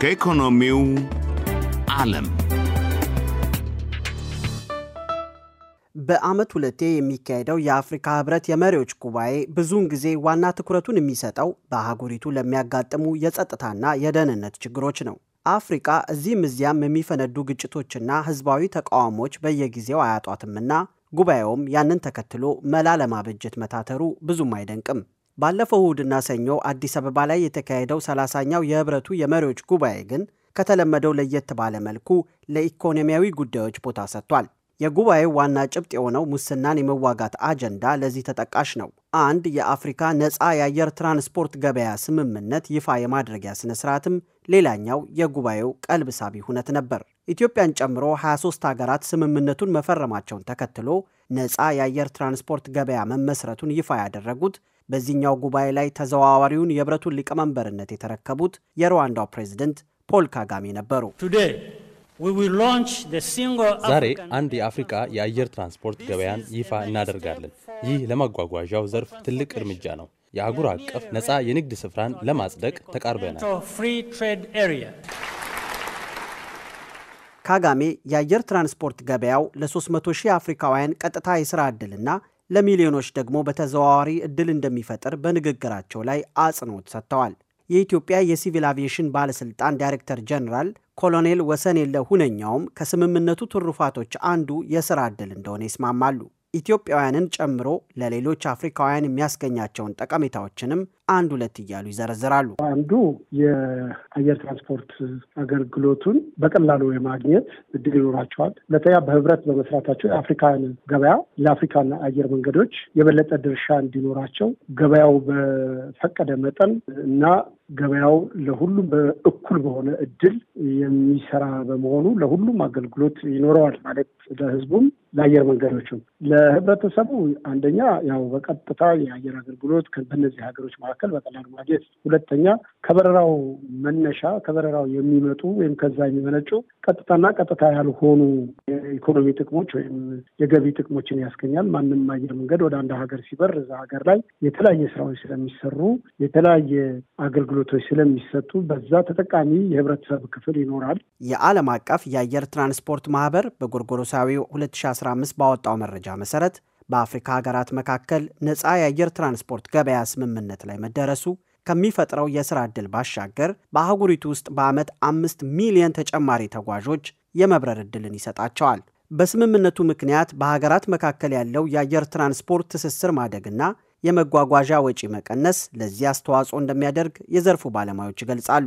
ከኢኮኖሚው ዓለም በዓመት ሁለቴ የሚካሄደው የአፍሪካ ህብረት የመሪዎች ጉባኤ ብዙውን ጊዜ ዋና ትኩረቱን የሚሰጠው በአህጉሪቱ ለሚያጋጥሙ የጸጥታና የደህንነት ችግሮች ነው። አፍሪካ እዚህም እዚያም የሚፈነዱ ግጭቶችና ህዝባዊ ተቃውሞዎች በየጊዜው አያጧትምና ጉባኤውም ያንን ተከትሎ መላ ለማበጀት መታተሩ ብዙም አይደንቅም። ባለፈው እሁድና ሰኞ አዲስ አበባ ላይ የተካሄደው ሰላሳኛው የህብረቱ የመሪዎች ጉባኤ ግን ከተለመደው ለየት ባለ መልኩ ለኢኮኖሚያዊ ጉዳዮች ቦታ ሰጥቷል። የጉባኤው ዋና ጭብጥ የሆነው ሙስናን የመዋጋት አጀንዳ ለዚህ ተጠቃሽ ነው። አንድ የአፍሪካ ነፃ የአየር ትራንስፖርት ገበያ ስምምነት ይፋ የማድረጊያ ስነ ስርዓትም ሌላኛው የጉባኤው ቀልብ ሳቢ ሁነት ነበር። ኢትዮጵያን ጨምሮ 23 ሀገራት ስምምነቱን መፈረማቸውን ተከትሎ ነፃ የአየር ትራንስፖርት ገበያ መመስረቱን ይፋ ያደረጉት በዚህኛው ጉባኤ ላይ ተዘዋዋሪውን የህብረቱን ሊቀመንበርነት የተረከቡት የሩዋንዳው ፕሬዝደንት ፖል ካጋሜ ነበሩ። ዛሬ አንድ የአፍሪቃ የአየር ትራንስፖርት ገበያን ይፋ እናደርጋለን። ይህ ለማጓጓዣው ዘርፍ ትልቅ እርምጃ ነው። የአህጉር አቀፍ ነፃ የንግድ ስፍራን ለማጽደቅ ተቃርበናል። ካጋሜ የአየር ትራንስፖርት ገበያው ለ300 ሺህ አፍሪካውያን ቀጥታ የሥራ ዕድልና ለሚሊዮኖች ደግሞ በተዘዋዋሪ ዕድል እንደሚፈጥር በንግግራቸው ላይ አጽንኦት ሰጥተዋል። የኢትዮጵያ የሲቪል አቪዬሽን ባለሥልጣን ዳይሬክተር ጀኔራል ኮሎኔል ወሰን የለ ሁነኛውም ከስምምነቱ ትሩፋቶች አንዱ የሥራ ዕድል እንደሆነ ይስማማሉ። ኢትዮጵያውያንን ጨምሮ ለሌሎች አፍሪካውያን የሚያስገኛቸውን ጠቀሜታዎችንም አንድ ሁለት እያሉ ይዘረዝራሉ። አንዱ የአየር ትራንስፖርት አገልግሎቱን በቀላሉ የማግኘት እድል ይኖራቸዋል። ሁለተኛ በህብረት በመስራታቸው የአፍሪካን ገበያ ለአፍሪካና አየር መንገዶች የበለጠ ድርሻ እንዲኖራቸው ገበያው በፈቀደ መጠን እና ገበያው ለሁሉም በእኩል በሆነ እድል የሚሰራ በመሆኑ ለሁሉም አገልግሎት ይኖረዋል ማለት ለህዝቡም ለአየር መንገዶችም ለህብረተሰቡ አንደኛ ያው በቀጥታ የአየር አገልግሎት በእነዚህ ሀገሮች መካከል በቀላሉ ማግኘት፣ ሁለተኛ ከበረራው መነሻ ከበረራው የሚመጡ ወይም ከዛ የሚመነጩ ቀጥታና ቀጥታ ያልሆኑ የኢኮኖሚ ጥቅሞች ወይም የገቢ ጥቅሞችን ያስገኛል። ማንም አየር መንገድ ወደ አንድ ሀገር ሲበር እዛ ሀገር ላይ የተለያየ ስራዎች ስለሚሰሩ የተለያየ አገልግሎቶች ስለሚሰጡ በዛ ተጠቃሚ የህብረተሰብ ክፍል ይኖራል። የዓለም አቀፍ የአየር ትራንስፖርት ማህበር በጎርጎሮሳዊው 2015 ባወጣው መረጃ መሰረት በአፍሪካ ሀገራት መካከል ነፃ የአየር ትራንስፖርት ገበያ ስምምነት ላይ መደረሱ ከሚፈጥረው የሥራ ዕድል ባሻገር በአህጉሪቱ ውስጥ በዓመት አምስት ሚሊየን ተጨማሪ ተጓዦች የመብረር ዕድልን ይሰጣቸዋል። በስምምነቱ ምክንያት በሀገራት መካከል ያለው የአየር ትራንስፖርት ትስስር ማደግና የመጓጓዣ ወጪ መቀነስ ለዚህ አስተዋጽኦ እንደሚያደርግ የዘርፉ ባለሙያዎች ይገልጻሉ።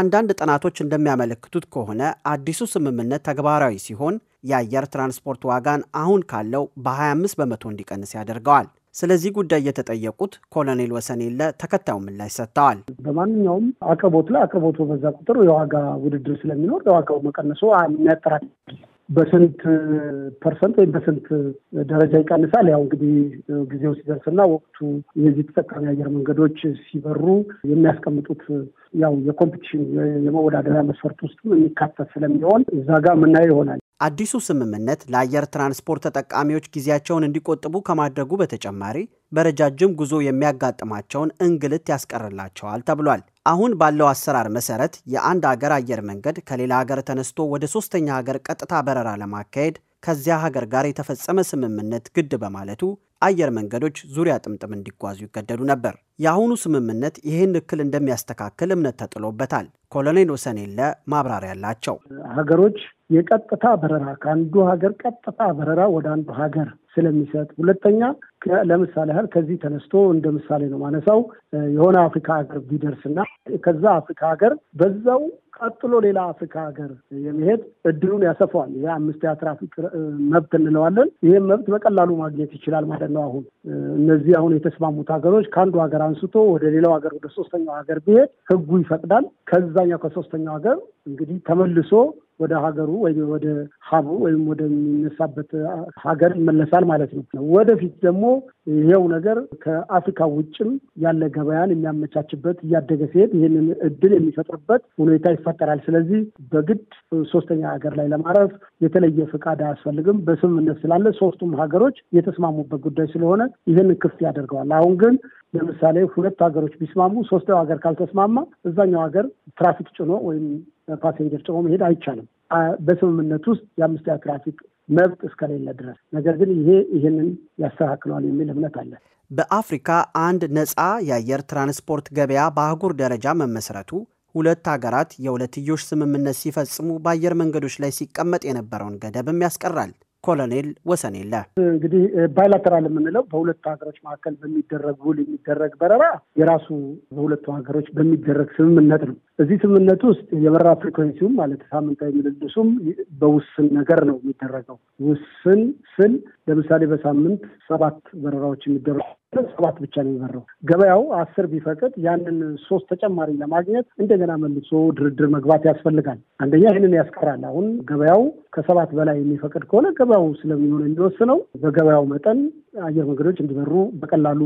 አንዳንድ ጥናቶች እንደሚያመለክቱት ከሆነ አዲሱ ስምምነት ተግባራዊ ሲሆን የአየር ትራንስፖርት ዋጋን አሁን ካለው በ25 በመቶ እንዲቀንስ ያደርገዋል። ስለዚህ ጉዳይ የተጠየቁት ኮሎኔል ወሰኔለ ተከታዩ ምላሽ ሰጥተዋል። በማንኛውም አቅርቦት ላይ አቅርቦቱ በዛ ቁጥር የዋጋ ውድድር ስለሚኖር የዋጋው መቀነሱ የሚያጠራጥር በስንት ፐርሰንት ወይም በስንት ደረጃ ይቀንሳል? ያው እንግዲህ ጊዜው ሲደርስና ወቅቱ የዚህ ተጠቃሚ አየር መንገዶች ሲበሩ የሚያስቀምጡት ያው የኮምፒቲሽን የመወዳደሪያ መስፈርት ውስጥ የሚካተት ስለሚሆን እዛ ጋር የምናየው ይሆናል። አዲሱ ስምምነት ለአየር ትራንስፖርት ተጠቃሚዎች ጊዜያቸውን እንዲቆጥቡ ከማድረጉ በተጨማሪ በረጃጅም ጉዞ የሚያጋጥማቸውን እንግልት ያስቀርላቸዋል ተብሏል። አሁን ባለው አሰራር መሰረት የአንድ አገር አየር መንገድ ከሌላ አገር ተነስቶ ወደ ሶስተኛ ሀገር ቀጥታ በረራ ለማካሄድ ከዚያ ሀገር ጋር የተፈጸመ ስምምነት ግድ በማለቱ አየር መንገዶች ዙሪያ ጥምጥም እንዲጓዙ ይገደዱ ነበር። የአሁኑ ስምምነት ይህን እክል እንደሚያስተካክል እምነት ተጥሎበታል። ኮሎኔል ወሰኔለ ማብራሪያ ያላቸው ሀገሮች የቀጥታ በረራ ከአንዱ ሀገር ቀጥታ በረራ ወደ አንዱ ሀገር ስለሚሰጥ፣ ሁለተኛ ለምሳሌ ያህል ከዚህ ተነስቶ እንደ ምሳሌ ነው ማነሳው የሆነ አፍሪካ ሀገር ቢደርስና ከዛ አፍሪካ ሀገር በዛው ቀጥሎ ሌላ አፍሪካ ሀገር የመሄድ እድሉን ያሰፋዋል። ይህ አምስት ትራፊክ መብት እንለዋለን። ይህም መብት በቀላሉ ማግኘት ይችላል ማለት ነው። አሁን እነዚህ አሁን የተስማሙት ሀገሮች ከአንዱ ሀገር አንስቶ ወደ ሌላው ሀገር ወደ ሶስተኛው ሀገር ቢሄድ ህጉ ይፈቅዳል። ከዛኛው ከሶስተኛው ሀገር እንግዲህ ተመልሶ ወደ ሀገሩ ወይም ወደ ሀቡ ወይም ወደሚነሳበት ሀገር ይመለሳል ማለት ነው። ወደፊት ደግሞ ይሄው ነገር ከአፍሪካ ውጭም ያለ ገበያን የሚያመቻችበት እያደገ ሲሄድ ይህንን እድል የሚፈጥርበት ሁኔታ ይፈጠራል። ስለዚህ በግድ ሶስተኛ ሀገር ላይ ለማረፍ የተለየ ፍቃድ አያስፈልግም። በስምምነት ስላለ ሶስቱም ሀገሮች የተስማሙበት ጉዳይ ስለሆነ ይህን ክፍት ያደርገዋል። አሁን ግን ለምሳሌ ሁለቱ ሀገሮች ቢስማሙ ሶስተኛው ሀገር ካልተስማማ እዛኛው ሀገር ትራፊክ ጭኖ ወይም ፓሴንጀር ጭኖ መሄድ አይቻልም በስምምነት ውስጥ የአምስት ትራፊክ መብት እስከሌለ ድረስ። ነገር ግን ይሄ ይህንን ያስተካክለዋል የሚል እምነት አለ። በአፍሪካ አንድ ነፃ የአየር ትራንስፖርት ገበያ በአህጉር ደረጃ መመስረቱ ሁለት ሀገራት የሁለትዮሽ ስምምነት ሲፈጽሙ በአየር መንገዶች ላይ ሲቀመጥ የነበረውን ገደብም ያስቀራል። ኮሎኔል ወሰኔለ እንግዲህ ባይላተራል የምንለው በሁለቱ ሀገሮች መካከል በሚደረግ ውል የሚደረግ በረራ የራሱ በሁለቱ ሀገሮች በሚደረግ ስምምነት ነው። እዚህ ስምምነት ውስጥ የበረራ ፍሪኮንሲውም ማለት ሳምንታዊ ምልልሱም በውስን ነገር ነው የሚደረገው። ውስን ስል ለምሳሌ በሳምንት ሰባት በረራዎች የሚደረጉ ሰባት ብቻ ነው የበረው። ገበያው አስር ቢፈቅድ ያንን ሶስት ተጨማሪ ለማግኘት እንደገና መልሶ ድርድር መግባት ያስፈልጋል። አንደኛ ይህንን ያስቀራል። አሁን ገበያው ከሰባት በላይ የሚፈቅድ ከሆነ ገበያው ስለሚሆነ የሚወስነው በገበያው መጠን አየር መንገዶች እንዲበሩ በቀላሉ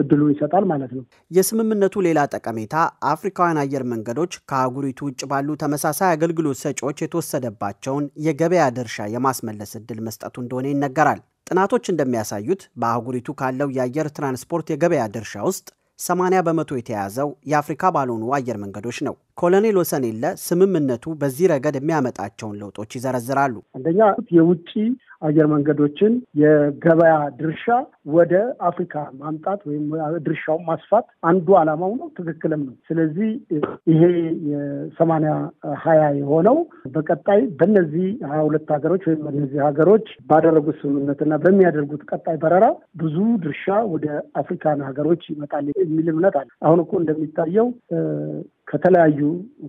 እድሉ ይሰጣል ማለት ነው። የስምምነቱ ሌላ ጠቀሜታ አፍሪካውያን አየር መንገዶች ከአህጉሪቱ ውጭ ባሉ ተመሳሳይ አገልግሎት ሰጪዎች የተወሰደባቸውን የገበያ ድርሻ የማስመለስ እድል መስጠቱ እንደሆነ ይነገራል። ጥናቶች እንደሚያሳዩት በአህጉሪቱ ካለው የአየር ትራንስፖርት የገበያ ድርሻ ውስጥ 80 በመቶ የተያዘው የአፍሪካ ባልሆኑ አየር መንገዶች ነው። ኮሎኔል ወሰኔለ ስምምነቱ በዚህ ረገድ የሚያመጣቸውን ለውጦች ይዘረዝራሉ። አንደኛ የውጭ አየር መንገዶችን የገበያ ድርሻ ወደ አፍሪካ ማምጣት ወይም ድርሻውን ማስፋት አንዱ ዓላማው ነው። ትክክልም ነው። ስለዚህ ይሄ የሰማንያ ሀያ የሆነው በቀጣይ በነዚህ ሀያ ሁለት ሀገሮች ወይም በነዚህ ሀገሮች ባደረጉት ስምምነትና በሚያደርጉት ቀጣይ በረራ ብዙ ድርሻ ወደ አፍሪካን ሀገሮች ይመጣል የሚል እምነት አለ። አሁን እኮ እንደሚታየው ከተለያዩ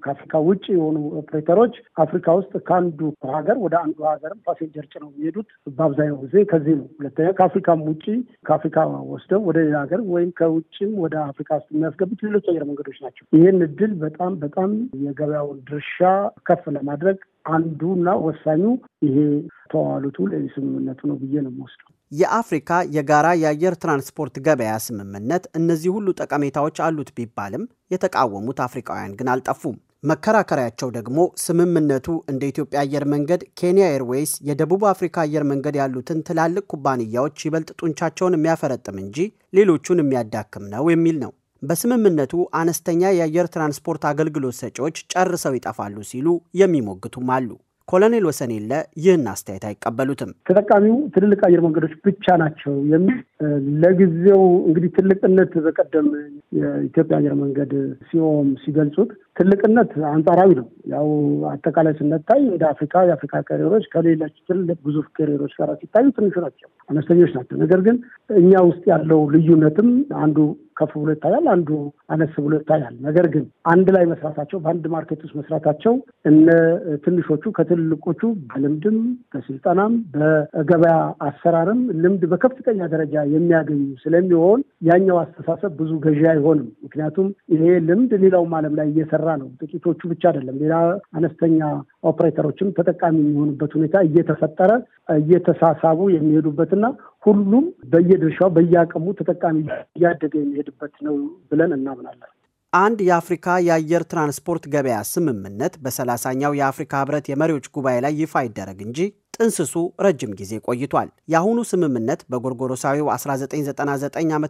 ከአፍሪካ ውጭ የሆኑ ኦፕሬተሮች አፍሪካ ውስጥ ከአንዱ ሀገር ወደ አንዱ ሀገርም ፓሴንጀር ጭነው የሚሄዱት በአብዛኛው ጊዜ ከዚህ ነው። ሁለተኛ ከአፍሪካም ውጭ ከአፍሪካ ወስደው ወደ ሌላ ሀገር ወይም ከውጭም ወደ አፍሪካ ውስጥ የሚያስገቡት ሌሎች አየር መንገዶች ናቸው። ይህን እድል በጣም በጣም የገበያውን ድርሻ ከፍ ለማድረግ አንዱና ወሳኙ ይሄ ተዋሉቱ ለስምምነቱ ነው ብዬ ነው የምወስደው። የአፍሪካ የጋራ የአየር ትራንስፖርት ገበያ ስምምነት እነዚህ ሁሉ ጠቀሜታዎች አሉት ቢባልም የተቃወሙት አፍሪካውያን ግን አልጠፉም። መከራከሪያቸው ደግሞ ስምምነቱ እንደ ኢትዮጵያ አየር መንገድ፣ ኬንያ ኤርዌይስ፣ የደቡብ አፍሪካ አየር መንገድ ያሉትን ትላልቅ ኩባንያዎች ይበልጥ ጡንቻቸውን የሚያፈረጥም እንጂ ሌሎቹን የሚያዳክም ነው የሚል ነው። በስምምነቱ አነስተኛ የአየር ትራንስፖርት አገልግሎት ሰጪዎች ጨርሰው ይጠፋሉ ሲሉ የሚሞግቱም አሉ። ኮሎኔል ወሰን የለ ይህን አስተያየት አይቀበሉትም። ተጠቃሚው ትልልቅ አየር መንገዶች ብቻ ናቸው የሚል ለጊዜው እንግዲህ ትልቅነት በቀደም የኢትዮጵያ አየር መንገድ ሲሆም ሲገልጹት ትልቅነት አንጻራዊ ነው። ያው አጠቃላይ ስነታይ እንደ አፍሪካ የአፍሪካ ካሪሮች ከሌሎች ትልቅ ግዙፍ ካሪሮች ጋር ሲታዩ ትንሹ ናቸው፣ አነስተኞች ናቸው። ነገር ግን እኛ ውስጥ ያለው ልዩነትም አንዱ ከፍ ብሎ ይታያል፣ አንዱ አነስ ብሎ ይታያል። ነገር ግን አንድ ላይ መስራታቸው በአንድ ማርኬት ውስጥ መስራታቸው እነ ትንሾቹ ከትልልቆቹ በልምድም በስልጠናም በገበያ አሰራርም ልምድ በከፍተኛ ደረጃ የሚያገኙ ስለሚሆን ያኛው አስተሳሰብ ብዙ ገዢ አይሆንም። ምክንያቱም ይሄ ልምድ ሌላውም ዓለም ላይ እየሰራ ነው። ጥቂቶቹ ብቻ አይደለም፣ ሌላ አነስተኛ ኦፕሬተሮችም ተጠቃሚ የሚሆኑበት ሁኔታ እየተፈጠረ እየተሳሳቡ የሚሄዱበትና ሁሉም በየድርሻው በየአቅሙ ተጠቃሚ እያደገ የሚሄድበት ነው ብለን እናምናለን። አንድ የአፍሪካ የአየር ትራንስፖርት ገበያ ስምምነት በሰላሳኛው የአፍሪካ ህብረት የመሪዎች ጉባኤ ላይ ይፋ ይደረግ እንጂ ጥንስሱ ረጅም ጊዜ ቆይቷል። የአሁኑ ስምምነት በጎርጎሮሳዊው 1999 ዓ ም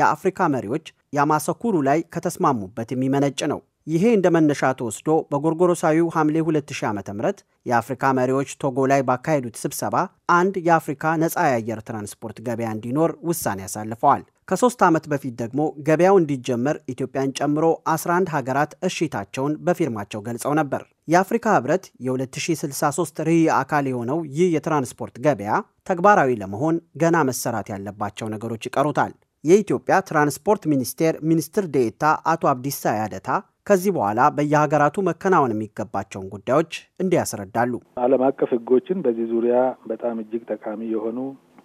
የአፍሪካ መሪዎች ያማሰኩሩ ላይ ከተስማሙበት የሚመነጭ ነው። ይሄ እንደ መነሻ ተወስዶ በጎርጎሮሳዊው ሐምሌ 2000 ዓ ም የአፍሪካ መሪዎች ቶጎ ላይ ባካሄዱት ስብሰባ አንድ የአፍሪካ ነፃ የአየር ትራንስፖርት ገበያ እንዲኖር ውሳኔ አሳልፈዋል። ከሶስት ዓመት በፊት ደግሞ ገበያው እንዲጀመር ኢትዮጵያን ጨምሮ 11 ሀገራት እሺታቸውን በፊርማቸው ገልጸው ነበር። የአፍሪካ ህብረት የ2063 ርዕይ አካል የሆነው ይህ የትራንስፖርት ገበያ ተግባራዊ ለመሆን ገና መሰራት ያለባቸው ነገሮች ይቀሩታል። የኢትዮጵያ ትራንስፖርት ሚኒስቴር ሚኒስትር ዴኤታ አቶ አብዲሳ ያደታ ከዚህ በኋላ በየሀገራቱ መከናወን የሚገባቸውን ጉዳዮች እንዲያስረዳሉ። ዓለም አቀፍ ሕጎችን በዚህ ዙሪያ በጣም እጅግ ጠቃሚ የሆኑ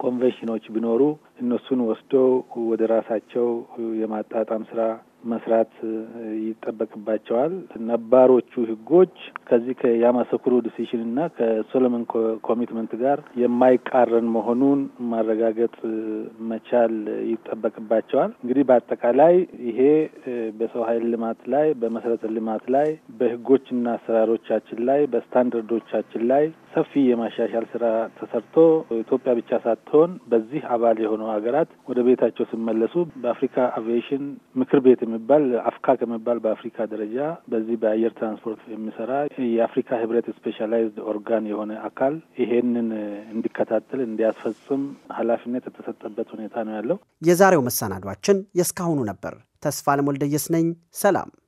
ኮንቬንሽኖች ቢኖሩ እነሱን ወስዶ ወደ ራሳቸው የማጣጣም ስራ መስራት ይጠበቅባቸዋል። ነባሮቹ ህጎች ከዚህ ከያማሰኩሩ ዲሲሽን እና ከሶሎሞን ኮሚትመንት ጋር የማይቃረን መሆኑን ማረጋገጥ መቻል ይጠበቅባቸዋል። እንግዲህ በአጠቃላይ ይሄ በሰው ኃይል ልማት ላይ፣ በመሰረተ ልማት ላይ፣ በህጎችና አሰራሮቻችን ላይ፣ በስታንዳርዶቻችን ላይ ሰፊ የማሻሻል ስራ ተሰርቶ ኢትዮጵያ ብቻ ሳትሆን በዚህ አባል የሆኑ ሀገራት ወደ ቤታቸው ሲመለሱ በአፍሪካ አቪዬሽን ምክር ቤት የሚባል አፍካ ከሚባል በአፍሪካ ደረጃ በዚህ በአየር ትራንስፖርት የሚሰራ የአፍሪካ ህብረት ስፔሻላይዝድ ኦርጋን የሆነ አካል ይሄንን እንዲከታተል እንዲያስፈጽም ኃላፊነት የተሰጠበት ሁኔታ ነው ያለው። የዛሬው መሰናዷችን የእስካሁኑ ነበር። ተስፋ ለሞልደየስ ነኝ። ሰላም።